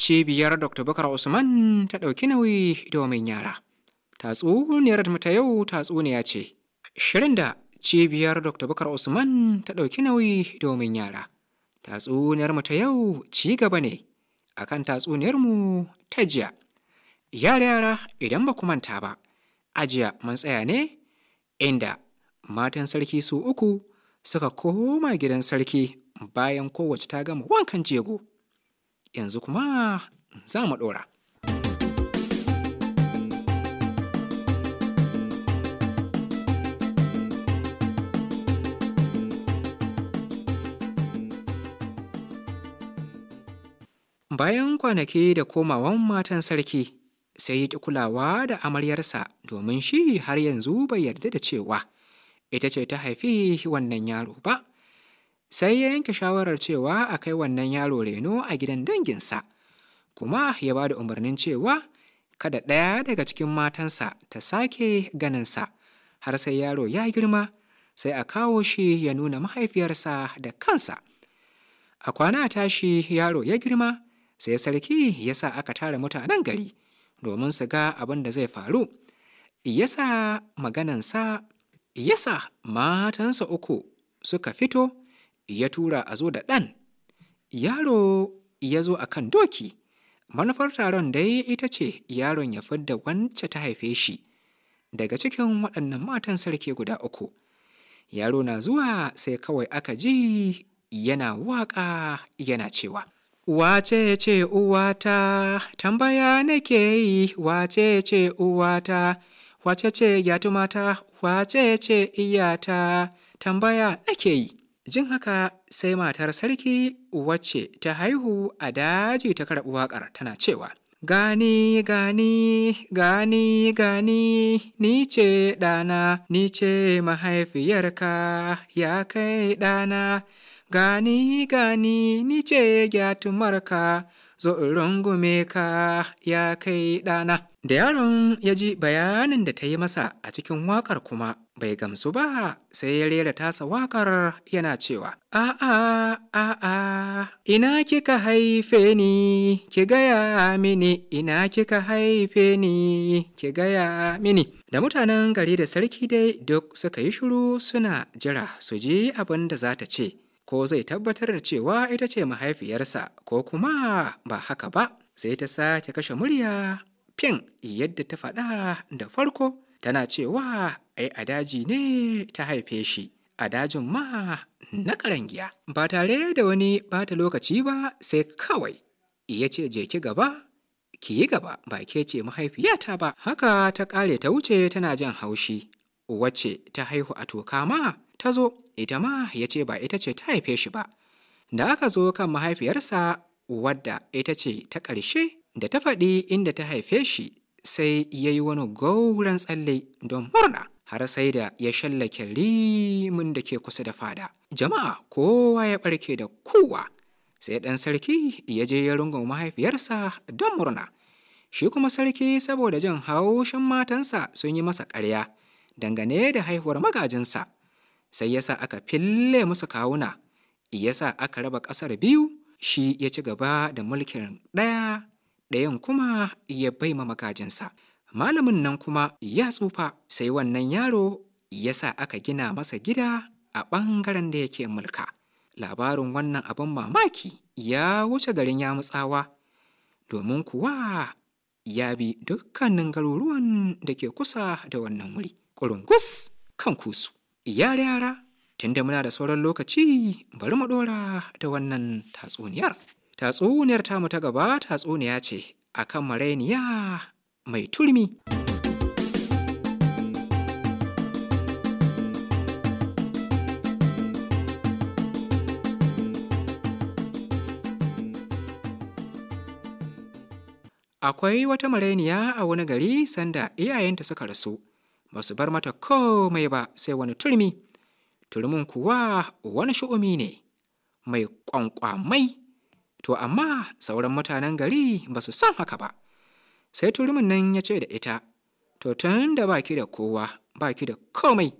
cibiyar dr bakar usman ta ɗauki nauyi domin yara tatsuniyar ta yau tatsuniya ce shirin da cibiyar dr bakar usman ta ɗauki nauyi domin yara tatsuniyar ta yau ci gaba ne akan tatsuniyarmu ta jiya yara yara idan ba manta ba Ajiya mun tsaya ne inda matan sarki su uku suka koma gidan sarki bayan kowace ta gama wankan jego yanzu kuma za mu ɗora. Bayan kwanaki da komawan matan sarki sai ya ƙi kulawa da amaryarsa domin shi har yanzu bai yarda da cewa ita ce ta haifi wannan yaro ba. sai ya yanke shawarar cewa a kai wannan yaro reno a gidan danginsa kuma ya ba da umarnin cewa kada ɗaya daga cikin matansa ta sake ganinsa har sai yaro ya girma sai a kawo shi ya nuna mahaifiyarsa da kansa a kwana tashi yaro ya girma sai sarki ya sa aka tara mutanen gari domin su ga abin da zai faru yasa maganansa yasa matansa uku suka fito ya tura a zo da ɗan yaro ya zo a kan doki manufar taron dai ita ce yaron ya fidda wance ta haife shi daga cikin waɗannan matan sarki guda uku yaro na zuwa sai kawai aka ji yana waƙa yana cewa wace ce uwata tambaya nake yi wace ce uwata wace ce yatumata wace ce iyata tambaya nake yi Jin haka sai matar sarki wacce ta haihu a daji ta karɓi waƙar tana cewa, Gani, gani, gani, gani, ni ce ɗana, ni ce mahaifiyarka, ya kai ɗana, gani, gani, ni ce gyatumarka, zo rungumeka rungume ka, ya kai ɗana. Da yaron ya ji bayanin da ta yi masa a cikin waƙar kuma bai gamsu ba sai ya rera tasa wakar yana cewa a'a a'a ina kika haife ni ki gaya mini ina kika haife ni ki gaya mini da mutanen gari da sarki dai duk suka yi shiru suna jira su ji abin da za ta ce ko zai tabbatar da cewa ita ce mahaifiyarsa ko kuma ba haka ba sai ta sake kashe murya fin yadda ta faɗa da farko tana cewa ai a daji ne ta haife shi a dajin ma na karangiya ba tare da wani bata lokaci ba sai kawai ya ce je ki gaba ki yi gaba ba ke ce mahaifiyata ba haka ta kare ta wuce tana jin haushi wacce ta haihu a toka ma ta zo ita ma ya ce ba ita ce ta haife shi ba da aka zo kan mahaifiyarsa wadda ita ce ta ƙarshe da ta faɗi inda ta haife shi sai ya yi wani gauran tsalle don murna har sai da ya shallake rimin da ke kusa da fada jama'a kowa ya ɓarke da kowa sai ɗan sarki ya je ya rungon mahaifiyarsa don murna shi kuma sarki saboda jin haushin matansa sun yi masa ƙarya dangane da haihuwar magajinsa sai yasa aka fille musu kawuna yasa aka raba ƙasar biyu shi ya ci gaba da mulkin ɗaya ɗayan kuma ya bai ma magajinsa malamin nan kuma ya tsufa sai wannan yaro ya sa aka gina masa gida a ɓangaren da yake mulka labarin wannan abin mamaki ya wuce garin yamutsawa domin kuwa ya bi dukkanin garuruwan da ke kusa da wannan wuri ƙurungus kan kusu yare yara tunda muna da sauran lokaci bari mu ɗora da wannan tatsuniyar tatsuniyar tamu ta gaba tatsuniya ce a kan marainiya mai turmi akwai wata marainiya a wani gari sanda iyayenta suka rasu ba su bar mata komai ba sai wani turmi turmin kuwa wani shu'umi ne mai ƙwanƙwamai to amma sauran mutanen gari ba su san haka ba sai turmin nan ya ce da ita to tun da baki da kowa baki da komai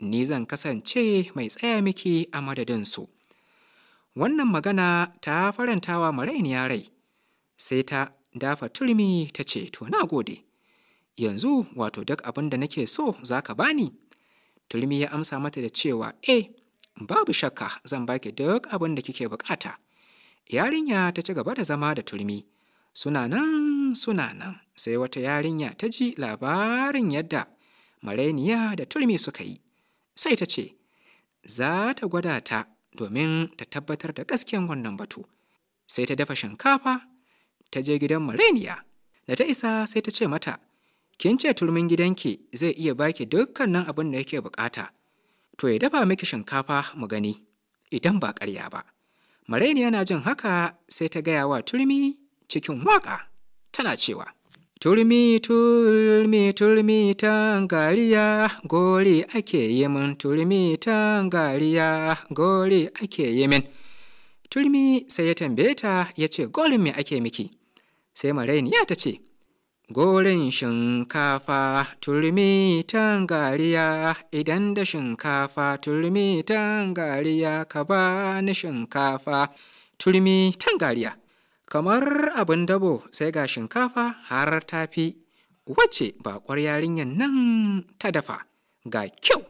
ni zan kasance mai tsaya miki a madadinsu wannan magana ta farantawa marainiya rai sai ta dafa turmi ta ce to na gode yanzu wato duk abin da nake so za ka bani turmi ya amsa mata da cewa eh babu shakka zan baki duk abin da kike bukata yarinya ta ci gaba da zama da turmi suna nan suna nan sai wata yarinya ta ji labarin yadda marainiya da turmi suka yi sai ta ce za ta gwada ta domin ta tabbatar da gasken wannan batu sai ta dafa shinkafa ta je gidan marainiya da ta isa sai ta ce mata kin ce turmin gidanki zai iya baki dukkanin abin da yake bukata to ya dafa miki shinkafa mu gani idan ba karya ba Mareni yana jin haka sai ta gaya wa turmi cikin waƙa tana cewa, Turmi turmi turmi tangariya gori ake yi min turmi tangariya gori ake yi min. Turmi sai ya tambaye ta ya ce gorin me ake miki, sai Mareni ya ta ce, Gorin shinkafa turmi tangariya idan da shinkafa turmi tangariya ka ba ni shinkafa turmi tangariya. Kamar abin dabo sai ga shinkafa har tafi wace wacce bakwar yarinyar nan ta dafa ga kyau.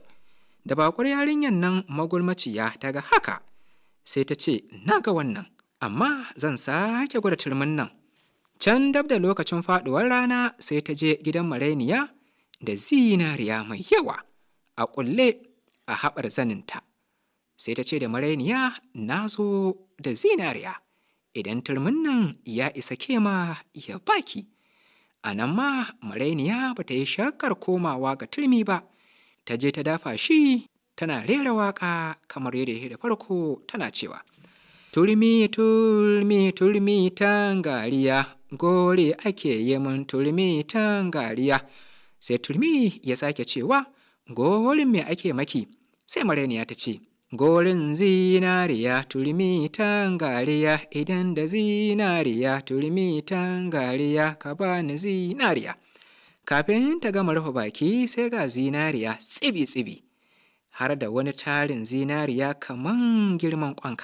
Da bakwar yarinyar nan magulmaciya ta ga haka sai ta ce na ga wannan amma zan sake gwada turmin nan. can dab da lokacin faduwar rana sai ta je gidan marainiya da zinariya mai yawa a kulle a haɓar zaninta sai ta ce da marainiya na zo da zinariya idan turmin nan ya isa kema ya baki a nan ma marainiya ba ta yi shakar komawa ga turmi ba ta je ta dafa shi tana rera waka kamar yadda ya da farko tana cewa turmi turmi turmi tangariya gori ake yi min turmi tangariya sai turmi ya sake cewa gorin me ake maki sai mareniya ta ce gorin zinariya turmi tangariya idan da zinariya turmi tangariya ka ba ni zinariya kafin ta gama rufe baki sai ga zinariya tsibi-tsibi har da wani tarin zinariya kaman girman kwan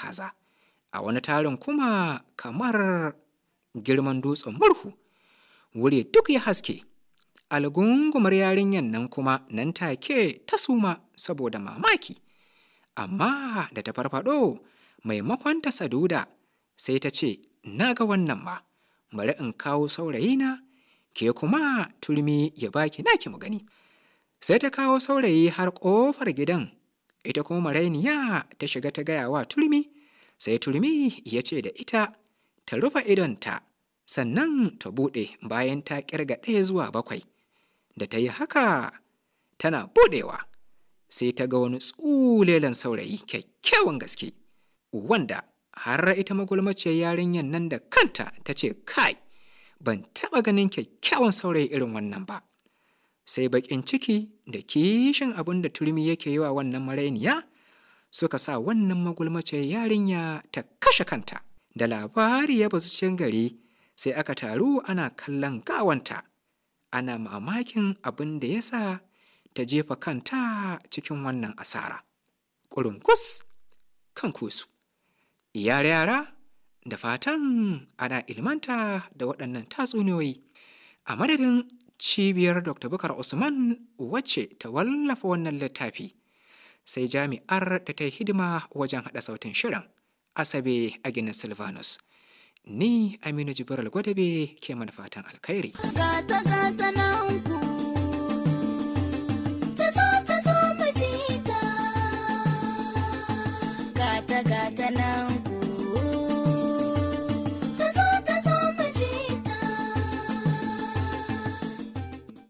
a wani tarin kuma kamar girman dutsen murhu wuri duk ya haske algungumar yarinyan nan kuma nan take ta suma saboda mamaki amma da ta farfado maimakon ta saduda sai ta ce na ga wannan ma bari in kawo saurayina ke kuma turmi ya baki naki mu gani sai ta kawo saurayi har ƙofar gidan ita kuma marainiya ta shiga ta gaya wa turmi sai turmi ya ce da ita ta rufe idonta sannan ta buɗe bayan ta ƙirga ɗaya zuwa bakwai da ta yi haka tana buɗewa sai ta ga wani tsulelen saurayi kyakkyawan gaske wanda har ita magulmaciyar yarinyar nan da kanta ta ce kai ban taɓa ganin kyakkyawan saurayi irin wannan ba sai baƙin ciki da kishin abin da turmi yake yi wa wannan marainiya suka sa wannan magulmaciyar yarinya ta kashe kanta da labari ya bazu cikin gari sai aka taru ana kallon gawanta ana mamakin abin da ya sa ta jefa kanta cikin wannan asara ƙurunkus kan kusu yare yara da fatan ana ilmanta da waɗannan tatsuniyoyi a madadin cibiyar dr bukar usman wacce ta wallafa wannan littafi sai jami'ar da ta yi hidima wajen haɗa sautin shirin Asabe a ginin Silvanus. Ni Aminu Jibiral Gwadabe ke manufatan alkhairi.